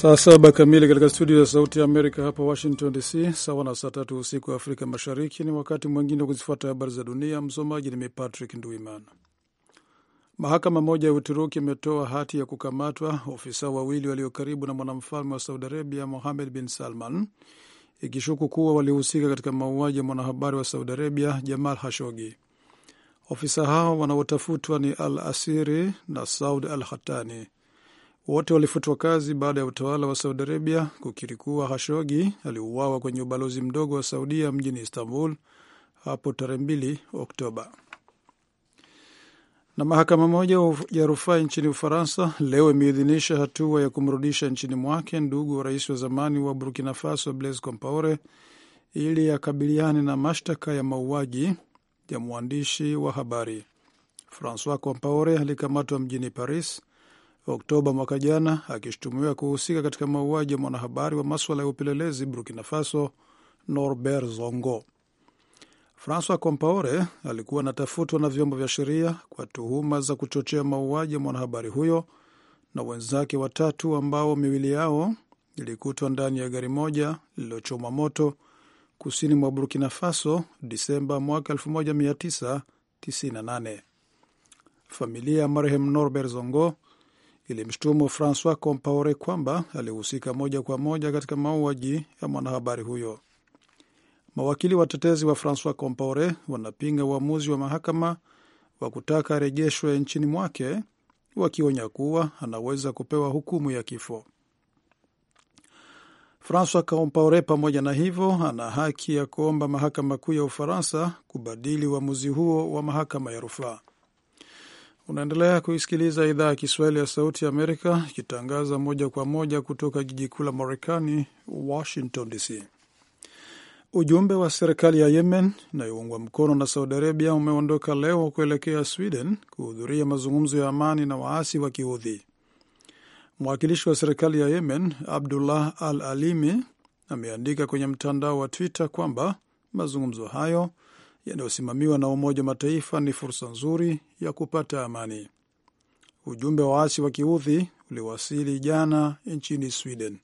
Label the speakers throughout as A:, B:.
A: Saa saba kamili katika studio ya Sauti ya Amerika hapa Washington DC, sawa na saa tatu usiku wa Afrika Mashariki. Ni wakati mwingine wa kuzifuata habari za dunia. Msomaji ni mipatrick Patrick Nduimana. Mahakama moja ya Uturuki imetoa hati ya kukamatwa ofisa wawili walio karibu na mwanamfalme wa Saudi Arabia Mohamed bin Salman, ikishuku kuwa walihusika katika mauaji ya mwanahabari wa Saudi Arabia Jamal Hashogi. Ofisa hao wanaotafutwa ni Al Asiri na Saud Al Hatani. Wote walifutwa kazi baada ya utawala wa Saudi Arabia kukiri kuwa Hashogi aliuawa kwenye ubalozi mdogo wa Saudia mjini Istanbul hapo tarehe 2 Oktoba. Na mahakama moja ya rufaa nchini Ufaransa leo imeidhinisha hatua ya kumrudisha nchini mwake ndugu wa rais wa zamani wa Burkina Faso Blaise Compaore ili akabiliane na mashtaka ya mauaji ya mwandishi wa habari. Francois Compaore alikamatwa mjini Paris Oktoba mwaka jana, akishutumiwa kuhusika katika mauaji ya mwanahabari wa maswala ya upelelezi Burkina Faso Norbert Zongo. Francois Compaore alikuwa anatafutwa na vyombo vya sheria kwa tuhuma za kuchochea mauaji ya mwanahabari huyo na wenzake watatu ambao miwili yao ilikutwa ndani ya gari moja lililochoma moto kusini mwa Burkina Faso Disemba mwaka 1998. Familia ya marehemu Norbert Zongo ilimshutumu Francois Compaore kwamba alihusika moja kwa moja katika mauaji ya mwanahabari huyo. Mawakili watetezi wa Francois Compaore wanapinga uamuzi wa mahakama wa kutaka arejeshwe nchini mwake, wakionya kuwa anaweza kupewa hukumu ya kifo. Francois Compaore, pamoja na hivyo, ana haki ya kuomba mahakama kuu ya Ufaransa kubadili uamuzi huo wa mahakama ya rufaa. Unaendelea kuisikiliza idhaa ya Kiswahili ya Sauti ya Amerika ikitangaza moja kwa moja kutoka jiji kuu la Marekani, Washington DC. Ujumbe wa serikali ya Yemen inayoungwa mkono na Saudi Arabia umeondoka leo kuelekea Sweden kuhudhuria mazungumzo ya amani na waasi wa Kiudhi. Mwakilishi wa serikali ya Yemen Abdullah Al Alimi ameandika kwenye mtandao wa Twitter kwamba mazungumzo hayo yanayosimamiwa na Umoja wa Mataifa ni fursa nzuri ya kupata amani. Ujumbe wa waasi wa kiudhi uliwasili jana nchini Sweden.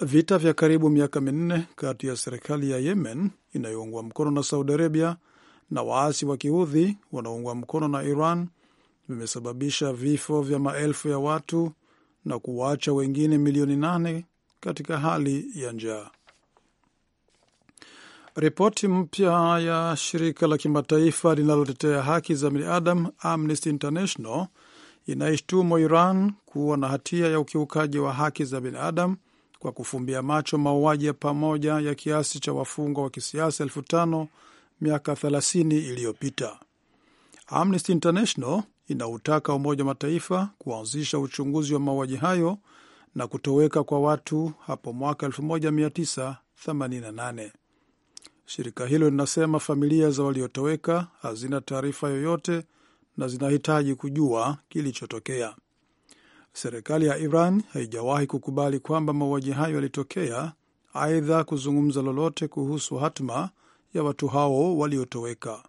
A: Vita vya karibu miaka minne kati ya serikali ya Yemen inayoungwa mkono na Saudi Arabia na waasi wa kiudhi wanaoungwa mkono na Iran vimesababisha vifo vya maelfu ya watu na kuwaacha wengine milioni nane katika hali ya njaa. Ripoti mpya ya shirika la kimataifa linalotetea haki za binadamu Amnesty International inaishtumu Iran kuwa na hatia ya ukiukaji wa haki za binadamu kwa kufumbia macho mauaji ya pamoja ya kiasi cha wafungwa wa kisiasa elfu tano miaka 30 iliyopita. Amnesty International inautaka Umoja wa Mataifa kuanzisha uchunguzi wa mauaji hayo na kutoweka kwa watu hapo mwaka 1988. Shirika hilo linasema familia za waliotoweka hazina taarifa yoyote na zinahitaji kujua kilichotokea. Serikali ya Iran haijawahi kukubali kwamba mauaji hayo yalitokea, aidha kuzungumza lolote kuhusu hatma ya watu hao waliotoweka.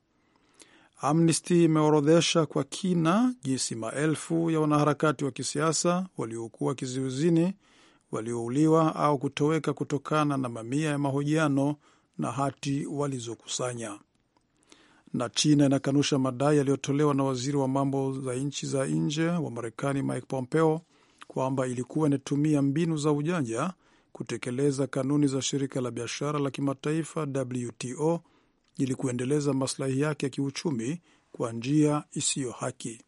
A: Amnesty imeorodhesha kwa kina jinsi maelfu ya wanaharakati wa kisiasa waliokuwa kizuizini, waliouliwa au kutoweka kutokana na mamia ya mahojiano na hati walizokusanya. Na China inakanusha madai yaliyotolewa na waziri wa mambo za nchi za nje wa Marekani Mike Pompeo kwamba ilikuwa inatumia mbinu za ujanja kutekeleza kanuni za shirika la biashara la kimataifa WTO ili kuendeleza maslahi yake ya kiuchumi kwa njia isiyo haki.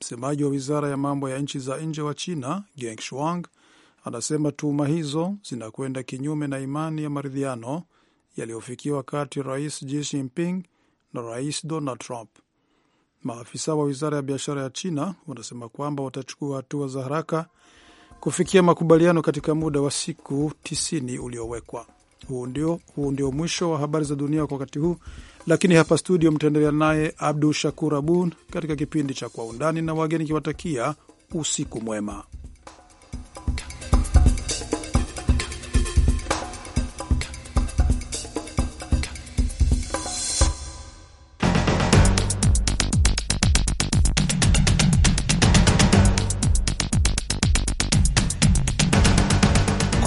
A: Msemaji wa wizara ya mambo ya nchi za nje wa China Geng Shuang anasema tuhuma hizo zinakwenda kinyume na imani ya maridhiano yaliyofikiwa kati ya Rais Xi Jinping na Rais Donald Trump. Maafisa wa wizara ya biashara ya China wanasema kwamba watachukua hatua za haraka kufikia makubaliano katika muda wa siku 90 uliowekwa. Huu ndio, huu ndio mwisho wa habari za dunia kwa wakati huu, lakini hapa studio mtaendelea naye Abdu Shakur abun katika kipindi cha Kwa Undani na wageni kiwatakia usiku mwema.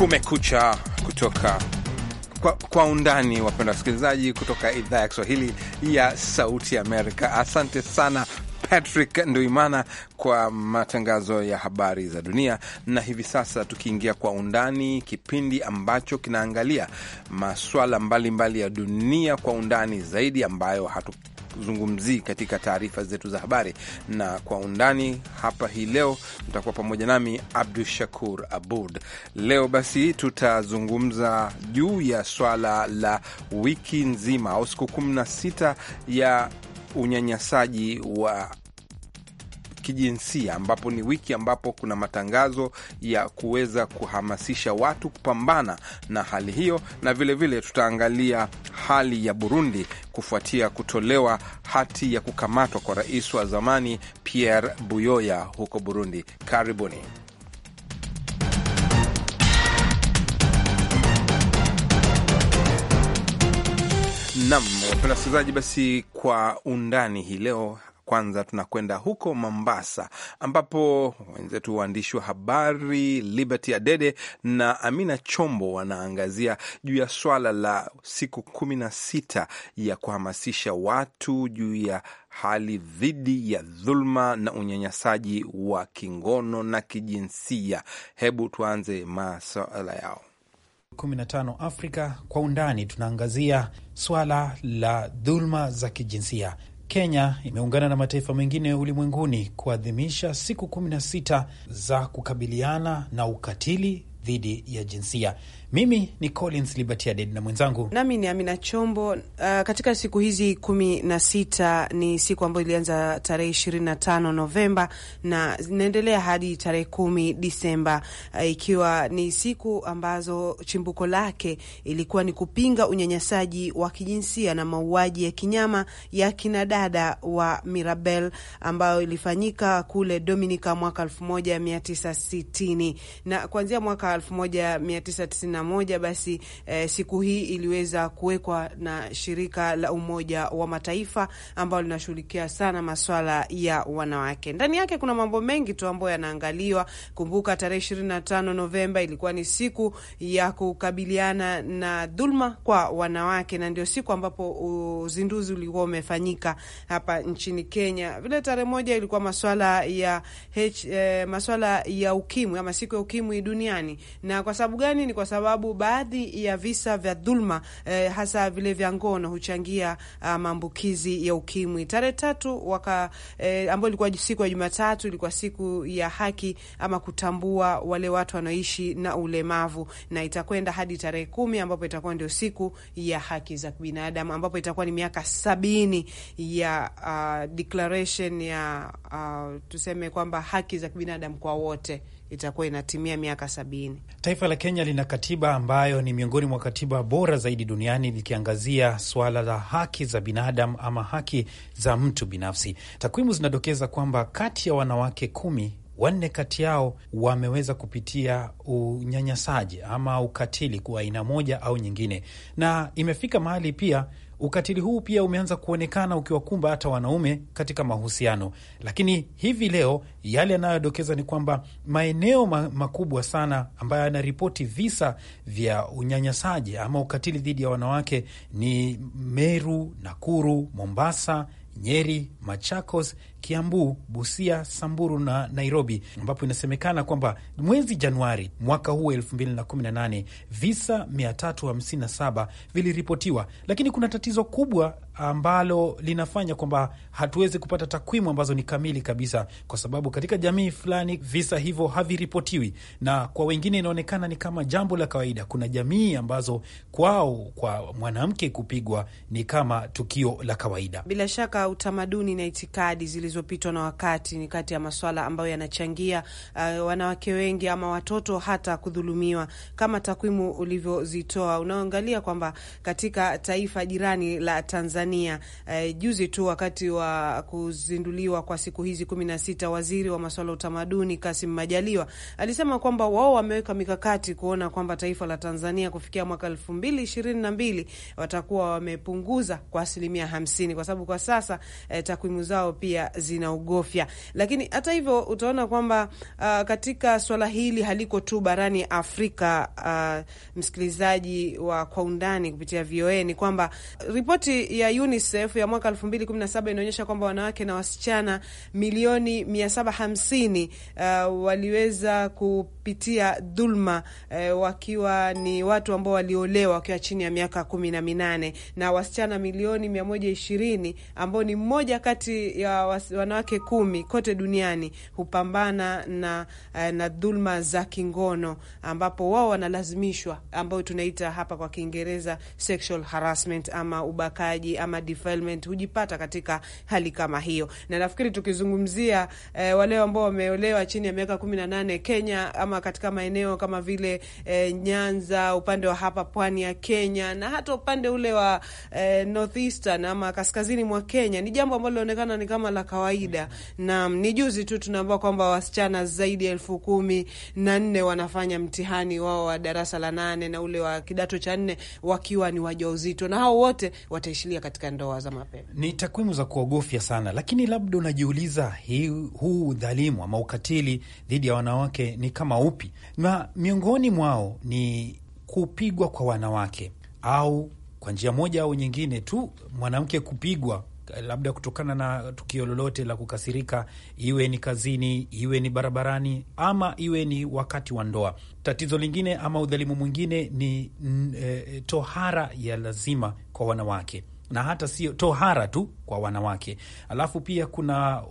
B: Kumekucha kutoka kwa, kwa undani, wapenda wasikilizaji, kutoka idhaa ya Kiswahili ya Sauti ya Amerika. Asante sana Patrick Nduimana kwa matangazo ya habari za dunia. Na hivi sasa tukiingia kwa undani, kipindi ambacho kinaangalia maswala mbalimbali mbali ya dunia kwa undani zaidi, ambayo hatu hatuzungumzii katika taarifa zetu za habari. Na kwa undani hapa hii leo mtakuwa pamoja nami Abdu Shakur Abud. Leo basi tutazungumza juu ya swala la wiki nzima au siku kumi na sita ya unyanyasaji wa kijinsia, ambapo ni wiki ambapo kuna matangazo ya kuweza kuhamasisha watu kupambana na hali hiyo, na vilevile vile tutaangalia hali ya Burundi kufuatia kutolewa hati ya kukamatwa kwa rais wa zamani Pierre Buyoya huko Burundi. Karibuni. Nam, wapenda wasikilizaji, basi kwa undani hii leo kwanza tunakwenda huko Mombasa, ambapo wenzetu waandishi wa habari Liberty Adede na Amina Chombo wanaangazia juu ya swala la siku kumi na sita ya kuhamasisha watu juu ya hali dhidi ya dhulma na unyanyasaji wa kingono na kijinsia. Hebu tuanze masuala yao
C: 15 Afrika kwa undani, tunaangazia swala la dhulma za kijinsia Kenya imeungana na mataifa mengine ulimwenguni kuadhimisha siku 16 za kukabiliana na ukatili dhidi ya jinsia. Mimi ni Collins Libertiaded na mwenzangu
D: nami ni Amina Chombo. Uh, katika siku hizi kumi na sita ni siku ambayo ilianza tarehe ishirini na tano Novemba na zinaendelea hadi tarehe kumi Disemba, uh, ikiwa ni siku ambazo chimbuko lake ilikuwa ni kupinga unyanyasaji wa kijinsia na mauaji ya kinyama ya kinadada wa Mirabel ambayo ilifanyika kule Dominica mwaka elfu moja mia tisa sitini na kuanzia mwaka elfu moja mia tisa tisini na moja basi eh, siku hii iliweza kuwekwa na shirika la Umoja wa Mataifa ambalo linashughulikia sana maswala ya wanawake. Ndani yake kuna mambo mengi tu ambayo yanaangaliwa. Kumbuka tarehe ishirini na tano Novemba ilikuwa ni siku ya kukabiliana na dhulma kwa wanawake, na ndio siku ambapo uzinduzi ulikuwa umefanyika hapa nchini Kenya. Vile tarehe moja ilikuwa maswala ya H, eh, maswala ya ukimwi ama siku ya ukimwi duniani. Na kwa sababu gani? Ni kwa sababu sababu baadhi ya visa vya dhulma eh, hasa vile vya ngono huchangia ah, maambukizi ya ukimwi. Tarehe tatu waka eh, ambayo ilikuwa siku ya Jumatatu, ilikuwa siku ya haki ama kutambua wale watu wanaoishi na ulemavu, na itakwenda hadi tarehe kumi ambapo itakuwa ndio siku ya haki za kibinadamu ambapo itakuwa ni miaka sabini ya uh, declaration ya uh, tuseme kwamba haki za kibinadamu kwa wote itakuwa inatimia miaka sabini.
C: Taifa la Kenya lina katiba ambayo ni miongoni mwa katiba bora zaidi duniani likiangazia suala la haki za binadamu ama haki za mtu binafsi. Takwimu zinadokeza kwamba kati ya wanawake kumi wanne kati yao wameweza kupitia unyanyasaji ama ukatili kwa aina moja au nyingine, na imefika mahali pia Ukatili huu pia umeanza kuonekana ukiwakumba hata wanaume katika mahusiano, lakini hivi leo yale yanayodokeza ni kwamba maeneo ma makubwa sana ambayo yanaripoti visa vya unyanyasaji ama ukatili dhidi ya wanawake ni Meru, Nakuru, Mombasa, Nyeri, Machakos, Kiambu, Busia, Samburu na Nairobi, ambapo inasemekana kwamba mwezi Januari mwaka huu elfu visa 357 viliripotiwa, lakini kuna tatizo kubwa ambalo linafanya kwamba hatuwezi kupata takwimu ambazo ni kamili kabisa, kwa sababu katika jamii fulani visa hivyo haviripotiwi, na kwa wengine inaonekana ni kama jambo la kawaida. Kuna jamii ambazo kwao kwa mwanamke kupigwa ni kama tukio la kawaida.
D: Bila shaka utamaduni na itikadi zilizo zilizopitwa na wakati ni kati ya maswala ambayo yanachangia uh, wanawake wengi ama watoto hata kudhulumiwa kama takwimu ulivyozitoa. Unaangalia kwamba katika taifa jirani la Tanzania uh, juzi tu wakati wa kuzinduliwa kwa siku hizi kumi na sita, waziri wa maswala ya utamaduni Kasim Majaliwa alisema kwamba wao wameweka mikakati kuona kwamba taifa la Tanzania kufikia mwaka elfu mbili ishirini na mbili watakuwa wamepunguza kwa asilimia hamsini kwa sababu kwa sasa eh, takwimu zao pia zinaogofya. Lakini hata hivyo utaona kwamba uh, katika swala hili haliko tu barani Afrika. Uh, msikilizaji wa kwa undani kupitia VOA ni kwamba ripoti ya UNICEF ya mwaka 2017 inaonyesha kwamba wanawake na wasichana milioni 750 uh, waliweza kupitia dhulma uh, wakiwa ni watu ambao waliolewa wakiwa chini ya miaka kumi na minane na wasichana milioni 120 ambao ni mmoja kati ya wanawake kumi kote duniani hupambana na, eh, na dhulma za kingono ambapo wao wanalazimishwa, ambayo tunaita hapa kwa Kiingereza sexual harassment ama ubakaji ama defilement, hujipata katika hali kama hiyo. Na nafikiri tukizungumzia eh, wale ambao wameolewa chini ya miaka kumi na nane Kenya ama katika maeneo kama vile eh, Nyanza upande wa hapa pwani ya Kenya na hata upande ule wa eh, northeastern ama kaskazini mwa Kenya ni jambo ambalo linaonekana ni kama la kawaida. Na ni juzi tu tunaambiwa kwamba wasichana zaidi ya elfu kumi na nne wanafanya mtihani wao wa darasa la nane na ule wa kidato cha nne wakiwa ni wajauzito na hao wote wataishilia katika ndoa za mapema.
C: Ni takwimu za kuogofya sana, lakini labda unajiuliza huu udhalimu ama ukatili dhidi ya wanawake ni kama upi? Na miongoni mwao ni kupigwa kwa wanawake au kwa njia moja au nyingine tu mwanamke kupigwa labda kutokana na tukio lolote la kukasirika, iwe ni kazini, iwe ni barabarani, ama iwe ni wakati wa ndoa. Tatizo lingine ama udhalimu mwingine ni n, e, tohara ya lazima kwa wanawake na hata sio tohara tu kwa wanawake. Alafu pia kuna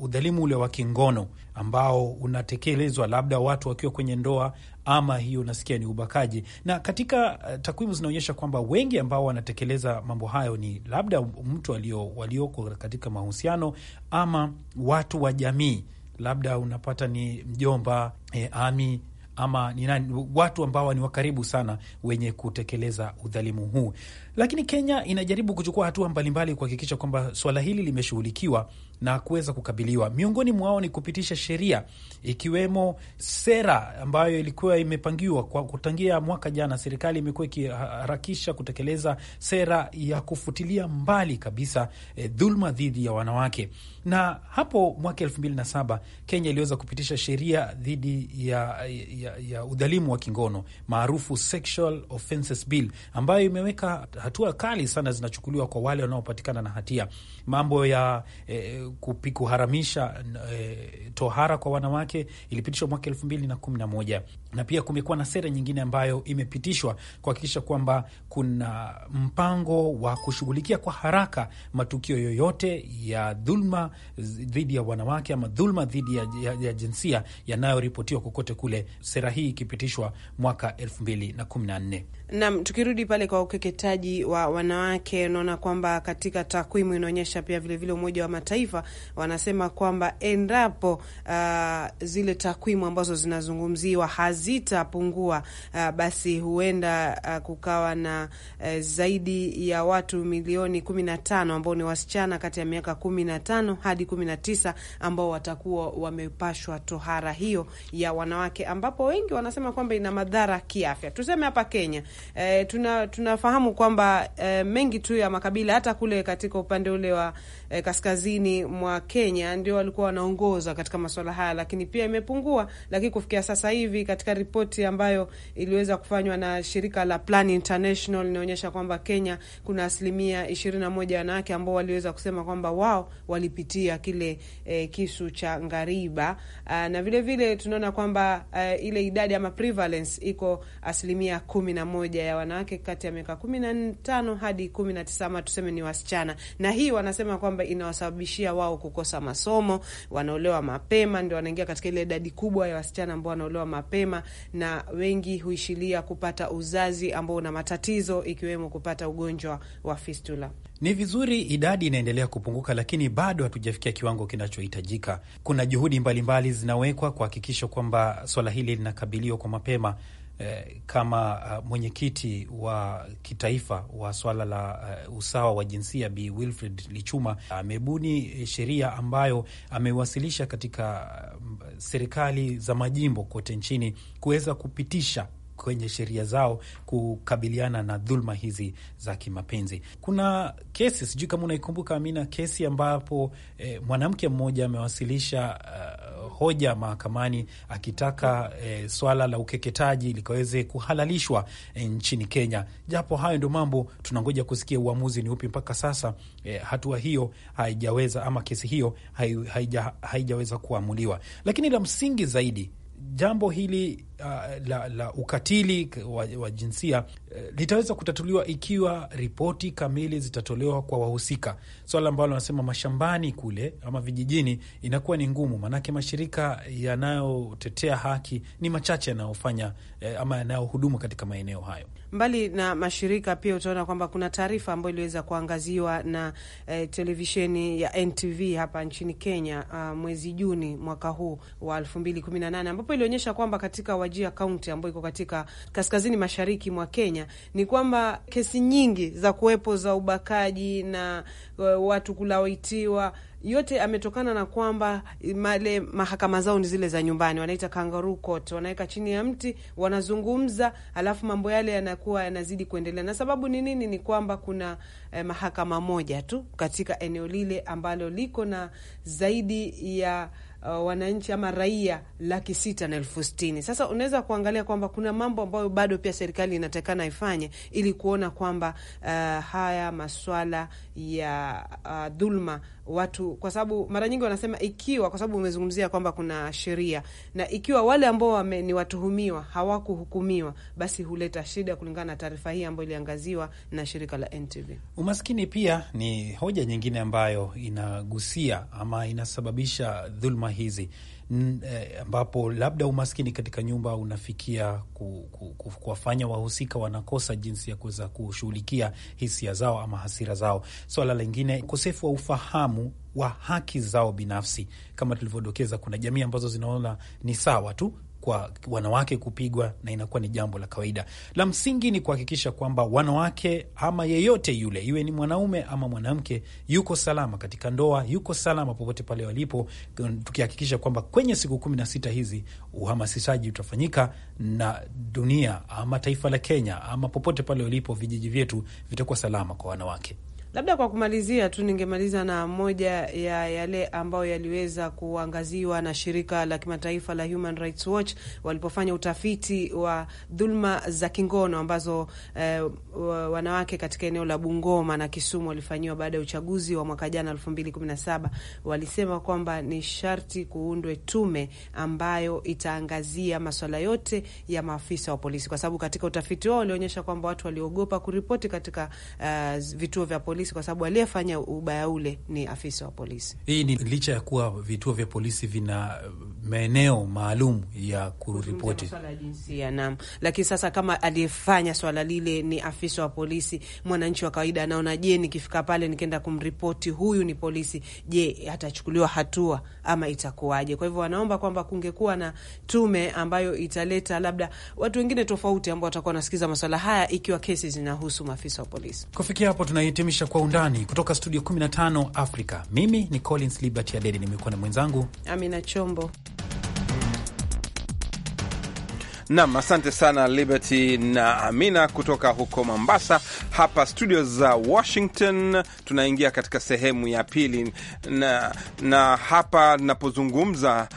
C: udhalimu ule wa kingono ambao unatekelezwa labda watu wakiwa kwenye ndoa, ama hiyo unasikia ni ubakaji. Na katika eh, takwimu zinaonyesha kwamba wengi ambao wanatekeleza mambo hayo ni labda mtu walioko katika mahusiano ama watu wa jamii, labda unapata ni mjomba, eh, ami ama ni nani, watu ambao ni wakaribu sana wenye kutekeleza udhalimu huu. Lakini Kenya inajaribu kuchukua hatua mbalimbali kuhakikisha kwamba swala hili limeshughulikiwa na kuweza kukabiliwa. Miongoni mwao ni kupitisha sheria ikiwemo sera ambayo ilikuwa imepangiwa kwa kutangia mwaka jana. Serikali imekuwa ikiharakisha kutekeleza sera ya kufutilia mbali kabisa e, dhuluma dhidi ya wanawake, na hapo mwaka elfu mbili na saba Kenya iliweza kupitisha sheria dhidi ya, ya, ya udhalimu wa kingono maarufu Sexual Offences Bill ambayo imeweka hatua kali sana zinachukuliwa kwa wale wanaopatikana na hatia. Mambo ya eh, kuharamisha eh, tohara kwa wanawake ilipitishwa mwaka elfu mbili na kumi na moja na pia kumekuwa na sera nyingine ambayo imepitishwa kuhakikisha kwamba kuna mpango wa kushughulikia kwa haraka matukio yoyote ya dhulma dhidi ya wanawake ama dhulma dhidi ya, ya, ya jinsia yanayoripotiwa kokote kule, sera hii ikipitishwa mwaka elfu mbili na kumi na nne.
D: Nam, tukirudi pale kwa ukeketaji wa wanawake, naona kwamba katika takwimu inaonyesha pia vilevile, Umoja wa Mataifa wanasema kwamba endapo uh, zile takwimu ambazo zinazungumziwa hazitapungua, uh, basi huenda uh, kukawa na uh, zaidi ya watu milioni kumi na tano ambao ni wasichana kati ya miaka kumi na tano hadi kumi na tisa ambao watakuwa wamepashwa tohara hiyo ya wanawake, ambapo wengi wanasema kwamba ina madhara kiafya. Tuseme hapa Kenya eh, tuna, tunafahamu kwamba kwamba eh, mengi tu ya makabila hata kule katika upande ule wa eh, kaskazini mwa Kenya ndio walikuwa wanaongoza katika masuala haya, lakini pia imepungua. Lakini kufikia sasa hivi katika ripoti ambayo iliweza kufanywa na shirika la Plan International inaonyesha kwamba Kenya kuna asilimia ishirini na moja wanawake ambao waliweza kusema kwamba wao walipitia kile eh, kisu cha ngariba uh, na vilevile vile tunaona kwamba uh, ile idadi ama prevalence iko asilimia kumi na moja ya wanawake kati ya miaka kumi na tano hadi kumi na tisa ama tuseme ni wasichana, na hii wanasema kwamba kwamba inawasababishia wao kukosa masomo, wanaolewa mapema, ndio wanaingia katika ile idadi kubwa ya wasichana ambao wanaolewa mapema, na wengi huishilia kupata uzazi ambao una matatizo, ikiwemo kupata ugonjwa wa fistula.
C: Ni vizuri idadi inaendelea kupunguka, lakini bado hatujafikia kiwango kinachohitajika. Kuna juhudi mbalimbali zinawekwa kuhakikisha kwamba swala hili linakabiliwa kwa mapema, Eh, kama eh, mwenyekiti wa kitaifa wa swala la eh, usawa wa jinsia Bi Wilfred Lichuma amebuni sheria ambayo amewasilisha katika serikali za majimbo kote nchini kuweza kupitisha kwenye sheria zao kukabiliana na dhulma hizi za kimapenzi. Kuna kesi, sijui kama unaikumbuka Amina, kesi ambapo eh, mwanamke mmoja amewasilisha uh, hoja mahakamani akitaka e, swala la ukeketaji likaweze kuhalalishwa e, nchini Kenya. Japo hayo ndio mambo tunangoja kusikia uamuzi ni upi. Mpaka sasa e, hatua hiyo haijaweza ama kesi hiyo haijaweza kuamuliwa, lakini la msingi zaidi jambo hili uh, la, la ukatili wa, wa jinsia uh, litaweza kutatuliwa ikiwa ripoti kamili zitatolewa kwa wahusika, swala ambalo wanasema mashambani kule ama vijijini inakuwa ni ngumu, maanake mashirika yanayotetea haki ni machache yanayofanya eh, ama yanayohudumu katika maeneo hayo.
D: Mbali na mashirika pia utaona kwamba kuna taarifa ambayo iliweza kuangaziwa na eh, televisheni ya NTV hapa nchini Kenya uh, mwezi Juni mwaka huu wa 2018 ambapo ilionyesha kwamba katika Wajia Kaunti ambayo iko katika kaskazini mashariki mwa Kenya ni kwamba kesi nyingi za kuwepo za ubakaji na uh, watu kulawitiwa yote ametokana na kwamba male mahakama zao ni zile za nyumbani, wanaita kangaru court. Wanaweka chini ya mti, wanazungumza, alafu mambo yale yanakuwa yanazidi kuendelea. Na sababu ni nini? Ni kwamba kuna eh, mahakama moja tu katika eneo lile ambalo liko na zaidi ya Uh, wananchi ama raia laki sita na elfu sitini. Sasa unaweza kuangalia kwamba kuna mambo ambayo bado pia serikali inatakana ifanye ili kuona kwamba uh, haya maswala ya uh, dhulma watu, kwa sababu mara nyingi wanasema ikiwa, kwa sababu umezungumzia kwamba kuna sheria, na ikiwa wale ambao ni watuhumiwa hawakuhukumiwa, basi huleta shida, kulingana na taarifa hii ambayo iliangaziwa na shirika la NTV.
C: Umaskini pia ni hoja nyingine ambayo inagusia ama inasababisha dhulma hizi. Eh, ambapo labda umaskini katika nyumba unafikia kuwafanya ku, ku, wahusika wanakosa jinsi ya kuweza kushughulikia hisia zao ama hasira zao. Swala so, lingine ukosefu wa ufahamu wa haki zao binafsi. Kama tulivyodokeza, kuna jamii ambazo zinaona ni sawa tu kwa wanawake kupigwa, na inakuwa ni jambo la kawaida. La msingi ni kuhakikisha kwamba wanawake ama yeyote yule, iwe ni mwanaume ama mwanamke, yuko salama katika ndoa, yuko salama popote pale walipo, tukihakikisha kwamba kwenye siku kumi na sita hizi uhamasishaji utafanyika na dunia ama taifa la Kenya ama popote pale walipo, vijiji vyetu vitakuwa salama kwa wanawake.
D: Labda kwa kumalizia tu, ningemaliza na moja ya yale ambayo yaliweza kuangaziwa na shirika la kimataifa la Human Rights Watch walipofanya utafiti wa dhulma za kingono ambazo eh, wanawake katika eneo la Bungoma na Kisumu walifanyiwa baada ya uchaguzi wa mwaka jana 2017. Walisema kwamba ni sharti kuundwe tume ambayo itaangazia maswala yote ya maafisa wa polisi, kwa sababu katika utafiti wao walionyesha kwamba watu waliogopa kuripoti katika uh, vituo vya polisi polisi, kwa sababu aliyefanya ubaya ule ni afisa wa polisi.
C: Hii ni licha ya kuwa vituo vya polisi vina uh, maeneo maalum ya kuripoti swala
D: jinsia nam, lakini sasa kama aliyefanya swala lile ni afisa wa polisi, mwananchi wa kawaida anaona, je, nikifika pale nikienda kumripoti huyu ni polisi, je, atachukuliwa hatua ama itakuwaje? Kwa hivyo wanaomba kwamba kungekuwa na tume ambayo italeta labda watu wengine tofauti ambao watakuwa wanasikiza maswala haya, ikiwa kesi zinahusu maafisa wa polisi.
C: Kufikia hapo tunahitimisha kwa Undani kutoka studio 15 Afrika. Mimi ni Collins Liberty Adede, nimekuwa na mwenzangu
D: Amina Chombo.
B: Nam, asante sana Liberty na Amina kutoka huko Mombasa. Hapa studio za Washington tunaingia katika sehemu ya pili, na, na hapa napozungumza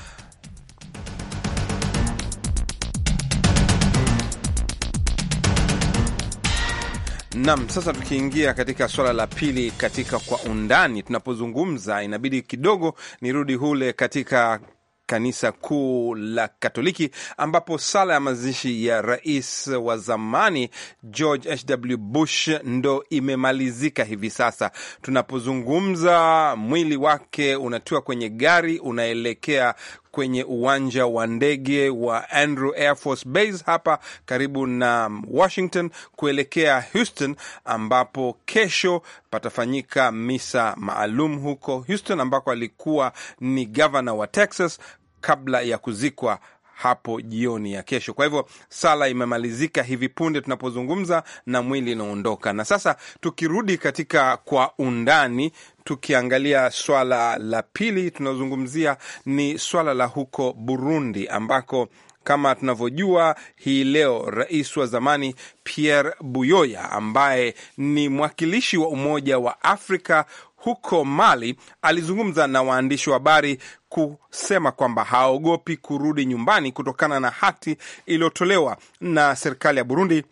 B: Nam, sasa tukiingia katika swala la pili katika kwa undani, tunapozungumza inabidi kidogo nirudi hule katika kanisa kuu la Katoliki ambapo sala ya mazishi ya rais wa zamani George H.W. Bush ndo imemalizika hivi sasa tunapozungumza. Mwili wake unatiwa kwenye gari unaelekea kwenye uwanja wa ndege wa Andrew Air Force Base hapa karibu na Washington kuelekea Houston, ambapo kesho patafanyika misa maalum huko Houston, ambako alikuwa ni gavana wa Texas kabla ya kuzikwa hapo jioni ya kesho. Kwa hivyo sala imemalizika hivi punde tunapozungumza, na mwili inaondoka. Na sasa tukirudi katika kwa undani, Tukiangalia swala la pili tunazungumzia ni swala la huko Burundi ambako kama tunavyojua hii leo rais wa zamani Pierre Buyoya ambaye ni mwakilishi wa Umoja wa Afrika huko Mali alizungumza na waandishi wa habari kusema kwamba haogopi kurudi nyumbani kutokana na hati iliyotolewa na serikali ya Burundi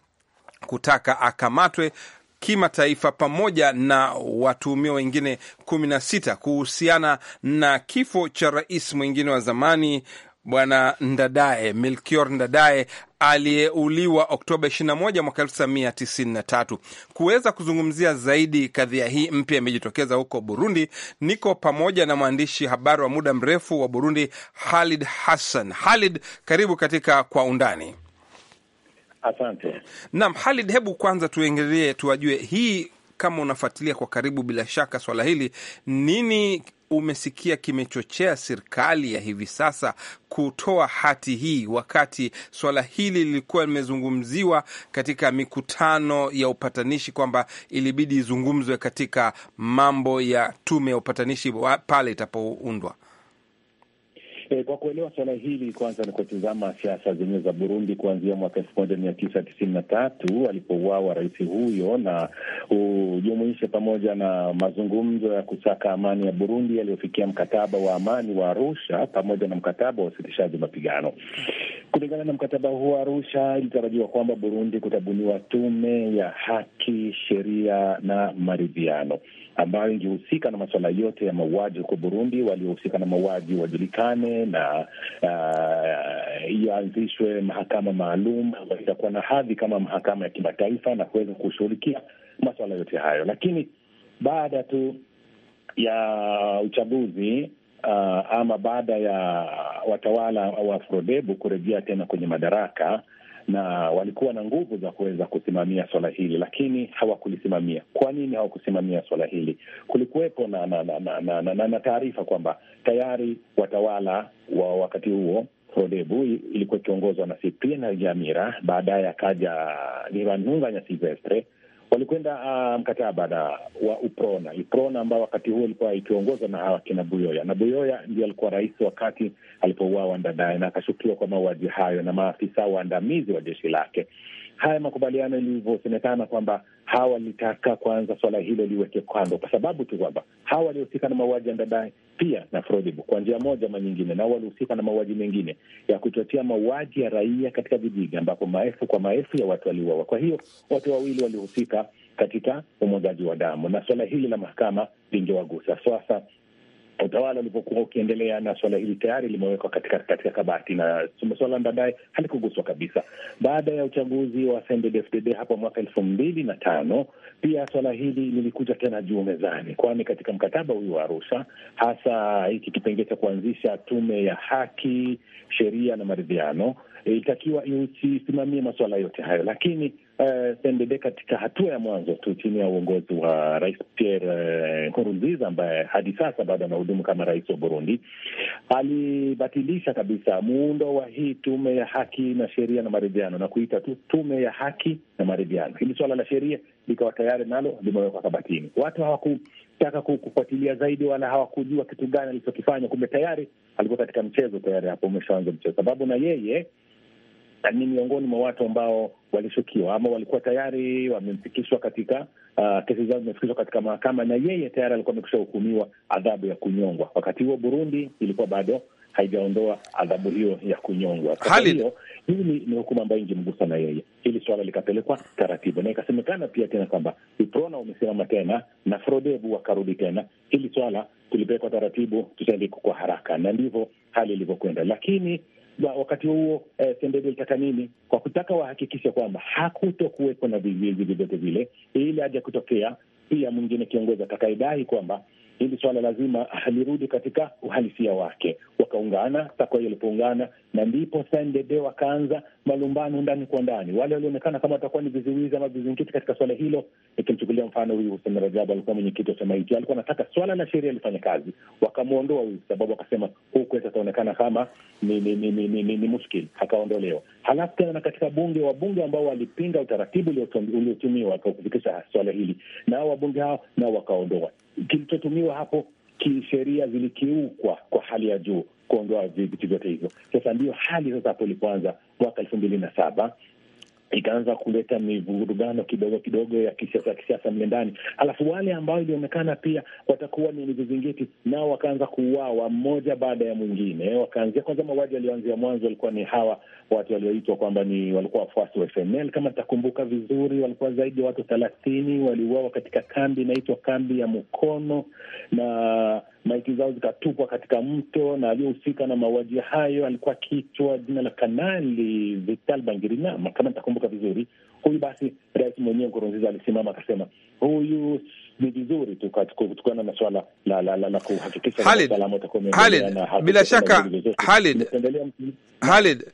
B: kutaka akamatwe kimataifa pamoja na watuhumiwa wengine kumi na sita kuhusiana na kifo cha rais mwingine wa zamani Bwana Ndadaye, Melkior Ndadaye aliyeuliwa Oktoba 21 mwaka 1993. Kuweza kuzungumzia zaidi kadhia hii mpya imejitokeza huko Burundi, niko pamoja na mwandishi habari wa muda mrefu wa Burundi, Halid Hassan. Halid, karibu katika Kwa Undani.
E: Asante.
B: nam Halid, hebu kwanza tuengelee, tuwajue hii, kama unafuatilia kwa karibu bila shaka swala hili, nini umesikia kimechochea serikali ya hivi sasa kutoa hati hii, wakati swala hili lilikuwa limezungumziwa katika mikutano ya upatanishi kwamba ilibidi izungumzwe katika mambo ya tume ya upatanishi pale itapoundwa?
E: E, kwa kuelewa suala hili kwanza ni kutizama siasa zenyewe za Burundi kuanzia mwaka elfu moja mia tisa tisini na tatu alipouawa rais huyo, na ujumuishe pamoja na mazungumzo ya kusaka amani ya Burundi yaliyofikia mkataba wa amani wa Arusha pamoja na mkataba wa usitishaji mapigano. Kulingana na mkataba huu wa Arusha, ilitarajiwa kwamba Burundi kutabuniwa tume ya haki, sheria na maridhiano ambayo ingehusika na masuala yote ya mauaji huko Burundi, waliohusika na mauaji wajulikane na uh, ianzishwe uh, mahakama maalum ambayo itakuwa na hadhi kama mahakama ya kimataifa na kuweza kushughulikia masuala yote hayo. Lakini baada tu ya uchaguzi uh, ama baada ya watawala wa Frodebu kurejea tena kwenye madaraka na walikuwa na nguvu za kuweza kusimamia swala hili, lakini hawakulisimamia. Kwa nini hawakusimamia swala hili? Kulikuwepo na, na, na, na, na, na, na, na taarifa kwamba tayari watawala wa wakati huo Frodebu ilikuwa ikiongozwa na Cyprien Algamira, baadaye akaja Niranunga Nya Silvestre walikwenda uh, mkataba na wa UPRONA. UPRONA ambao wakati huo ilikuwa ikiongozwa na hawa kina Buyoya, na Buyoya ndio alikuwa rais wakati alipouawa Ndadaye, na akashukiwa kwa mauaji hayo na maafisa waandamizi wa jeshi lake haya makubaliano ilivyosemekana kwamba hawa walitaka kwanza swala hilo liweke kando, kwa sababu tu kwamba hawa waliohusika na mauaji ya Ndadaye pia na Frolibo kwa njia moja ama nyingine, nao walihusika na mauaji mengine ya kutotia mauaji ya raia katika vijiji ambapo maelfu kwa maelfu ya watu waliuawa. Kwa hiyo watu wawili walihusika katika umwagaji wa damu, na swala hili la mahakama lingewagusa. Sasa utawala ulivyokuwa ukiendelea, na suala hili tayari limewekwa katika katika kabati na suala baadaye halikuguswa kabisa. Baada ya uchaguzi wa CNDD-FDD hapo mwaka elfu mbili na tano pia suala hili lilikuja tena juu mezani, kwani katika mkataba huyu wa Arusha hasa hiki kipengee cha kuanzisha tume ya haki, sheria na maridhiano ilitakiwa isimamie masuala yote hayo, lakini CNDD eh, uh, katika hatua ya mwanzo tu chini ya uongozi wa Rais Pierre eh, Nkurunziza uh, ambaye hadi sasa bado anahudumu kama rais wa Burundi, alibatilisha kabisa muundo wa hii tume ya haki na sheria na maridhiano na kuita tu tume ya haki na maridhiano. Hili suala la sheria likawa tayari nalo limewekwa kabatini. Watu hawakutaka kufuatilia zaidi wala hawakujua kitu gani alichokifanya. Kumbe tayari alikuwa katika mchezo tayari, hapo umeshaanza mchezo, sababu na yeye ni miongoni mwa watu ambao walishukiwa ama walikuwa tayari wamefikishwa katika uh, kesi zao zimefikishwa katika mahakama, na yeye tayari alikuwa amekusha hukumiwa adhabu ya kunyongwa. Wakati huo Burundi ilikuwa bado haijaondoa adhabu hiyo ya kunyongwa. Kwa hiyo hii ni, ni hukumu ambayo ingemgusa na yeye. Hili swala likapelekwa taratibu, na ikasemekana pia tena kwamba Iprona umesimama tena na FRODEBU wakarudi tena, hili swala tulipelekwa taratibu, tutaende kwa haraka, na ndivyo hali ilivyokwenda, lakini wakati huo eh, Sembede ilitaka nini? Kwa kutaka wahakikishe kwamba hakuto kuwepo na vizuizi vyovyote vile, ili aja kutokea pia mwingine kiongozi atakayedai kwamba hili swala lazima lirudi katika uhalisia wake. Wakaungana Sakwa hiyo ilipoungana, na ndipo Sandede wakaanza malumbano ndani kwa ndani. Wale walionekana kama watakuwa ni vizuizi ama vizingiti katika swala hilo, nikimchukulia mfano huyu Hussein Rajabu, alikuwa mwenyekiti wa chama hicho, alikuwa anataka swala la sheria lifanye kazi, wakamwondoa huyu sababu akasema huu kwetu ataonekana kama ni ni ni, ni, ni, ni, ni mushkil, akaondolewa. Halafu tena na katika bunge, wabunge ambao walipinga utaratibu uliotumiwa kufikisha swala hili, nao wabunge hao nao wakaondoa kilichotumiwa hapo kisheria zilikiukwa kwa hali ya juu kuondoa vitu vyote hivyo. Sasa ndiyo hali sasa hapo ilipoanza mwaka elfu mbili na saba ikaanza kuleta mivurugano kidogo kidogo ya kisiasa kisiasa mle ndani, alafu wale ambao ilionekana pia watakuwa ni vizingiti nao wakaanza kuuawa mmoja baada ya mwingine. Wakaanzia kwanza, mauaji yaliyoanzia mwanzo walikuwa ni hawa watu walioitwa kwamba ni walikuwa wafuasi wa FNL kama nitakumbuka vizuri, walikuwa zaidi ya watu thelathini waliuawa katika kambi inaitwa kambi ya Mukono, na maiti zao zikatupwa katika mto, na aliyohusika na mauaji hayo alikuwa kichwa jina la Kanali Vital Bangirinama kama nitakumbuka vizuri. Huyu basi rais mwenyewe Nkurunziza alisimama akasema, huyu ni vizuri tukana na swala la la la kuhakikisha usalama utakuwa. Bila shaka
B: Halid, Halid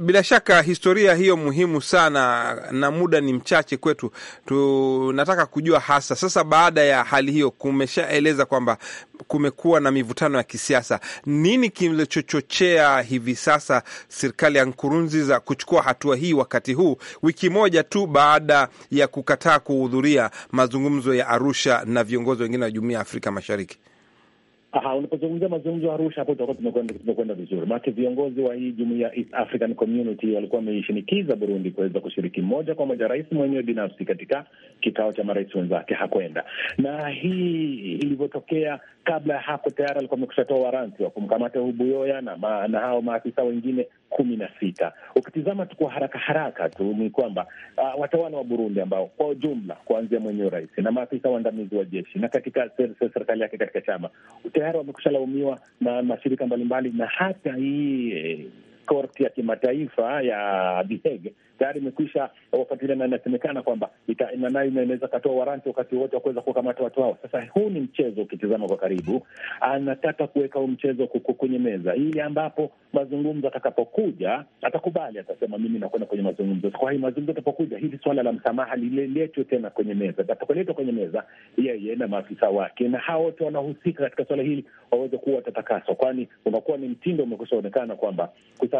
B: bila shaka historia hiyo muhimu sana, na muda ni mchache kwetu, tunataka kujua hasa sasa, baada ya hali hiyo, kumeshaeleza kwamba kumekuwa na mivutano ya kisiasa. Nini kilichochochea hivi sasa serikali ya Nkurunziza kuchukua hatua hii wakati huu, wiki moja tu baada ya kukataa kuhudhuria mazungumzo ya Arusha na viongozi wengine wa Jumuiya ya Afrika Mashariki?
E: Aha, unapozungumzia mazungumzo ya Arusha hapo utakuwa tumekwenda vizuri, maanake viongozi wa hii jumuia ya East African Community walikuwa wameishinikiza Burundi kuweza kushiriki moja kwa moja. Rais mwenyewe binafsi katika kikao cha marais wenzake hakwenda, na hii ilivyotokea kabla ya hapo tayari alikuwa amekushatoa waranti wa kumkamata Ubuyoya na, ma, na hao maafisa wengine kumi na sita. Ukitizama tu kwa haraka haraka tu ni kwamba uh, watawala wa Burundi ambao kwa ujumla kuanzia mwenyewe rais na maafisa waandamizi wa jeshi na katika serikali yake katika chama Ute tayari wamekusha laumiwa na mashirika mbalimbali na hata hii eh, korti ya kimataifa ya The Hague tayari imekwisha wafuatilia, na inasemekana kwamba nayo inaweza katoa waranti wakati wote wa kuweza kuwakamata watu hao. Sasa huu ni mchezo, ukitizama kwa karibu, anataka kuweka huu mchezo kwenye meza ili ambapo mazungumzo atakapokuja atakubali, atasema mimi nakwenda kwenye mazungumzo. Kwa hiyo mazungumzo atapokuja, hili suala la msamaha liletwe tena kwenye meza. Atakapoletwa kwenye meza, yeye na maafisa wake na hao wote wanahusika katika suala hili waweze kuwa watatakaswa, kwani unakuwa ni mtindo umekwisha onekana kwamba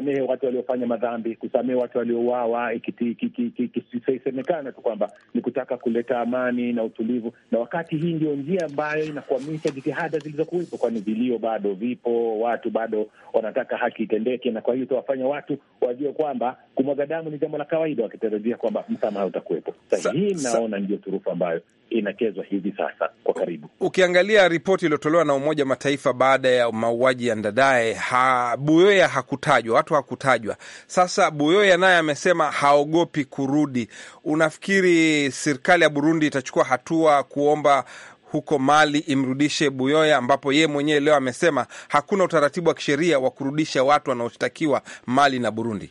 E: kusamehe watu waliofanya madhambi, kusamehe watu waliouawa, ikisemekana tu kwamba ni kutaka kuleta amani na utulivu, na wakati hii ndio njia ambayo inakwamisha jitihada zilizokuwepo, kwani vilio bado vipo, watu bado wanataka haki itendeke, na kwa hiyo utawafanya watu wajue kwamba kumwaga damu ni jambo la kawaida, wakitarajia kwamba msamaha utakuwepo. Sasa hii naona ndio turufu ambayo inachezwa hivi sasa kwa karibu.
B: Ukiangalia ripoti iliyotolewa na Umoja Mataifa baada ya mauaji ya Ndadaye, ha, Buyoya hakutajwa, watu hakutajwa. Sasa Buyoya naye amesema haogopi kurudi. Unafikiri serikali ya Burundi itachukua hatua kuomba huko Mali imrudishe Buyoya, ambapo yeye mwenyewe leo amesema hakuna utaratibu wa kisheria wa kurudisha watu wanaoshtakiwa Mali na Burundi.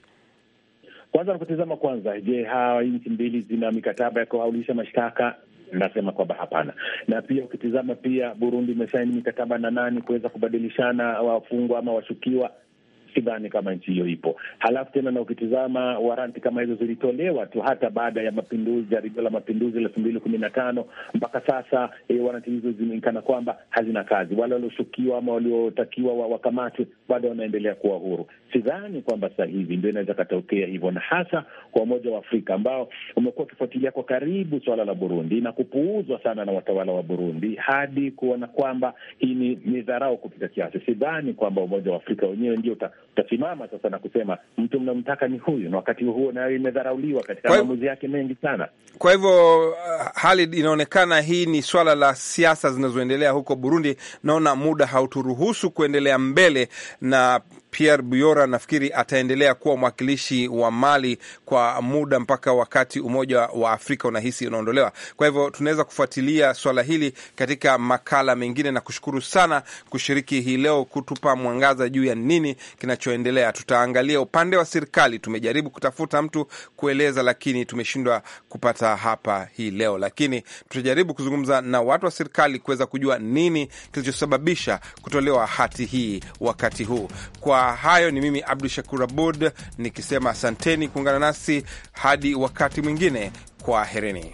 E: Kwanza nakutizama kwanza, je, hawa nchi mbili zina mikataba ya kuwaulisha mashtaka? Nasema kwamba hapana. Na pia ukitizama pia, Burundi imesaini mikataba na nani kuweza kubadilishana wafungwa ama washukiwa? sidhani kama nchi hiyo ipo. Halafu tena na ukitizama waranti kama hizo zilitolewa tu hata baada ya mapinduzi, jaribio la mapinduzi elfu mbili kumi na tano mpaka sasa e, eh, waranti hizo zimeonekana kwamba hazina kazi. Wale walioshukiwa ama waliotakiwa wakamatwe bado wanaendelea kuwa huru. Sidhani kwamba sasa hivi ndio inaweza katokea hivyo, na hasa kwa Umoja wa Afrika ambao umekuwa ukifuatilia kwa karibu suala la Burundi na kupuuzwa sana na watawala wa Burundi hadi kuona kwamba hii ni, ni dharau kupita kiasi. Sidhani kwamba Umoja wa Afrika wenyewe ndio tasimama sasa na kusema mtu mnamtaka ni huyu, na wakati huo nayo imedharauliwa katika maamuzi yake mengi sana.
B: Kwa hivyo uh, hali inaonekana hii ni swala la siasa zinazoendelea huko Burundi. Naona muda hauturuhusu kuendelea mbele na Pierre Buyora nafikiri ataendelea kuwa mwakilishi wa Mali kwa muda mpaka wakati Umoja wa Afrika unahisi unaondolewa. Kwa hivyo tunaweza kufuatilia swala hili katika makala mengine, na kushukuru sana kushiriki hii leo kutupa mwangaza juu ya nini kinachoendelea. Tutaangalia upande wa serikali, tumejaribu kutafuta mtu kueleza, lakini tumeshindwa kupata hapa hii leo, lakini tutajaribu kuzungumza na watu wa serikali kuweza kujua nini kilichosababisha kutolewa hati hii wakati huu kwa hayo ni mimi Abdu Shakur Abud nikisema asanteni kuungana nasi hadi wakati mwingine, kwa herini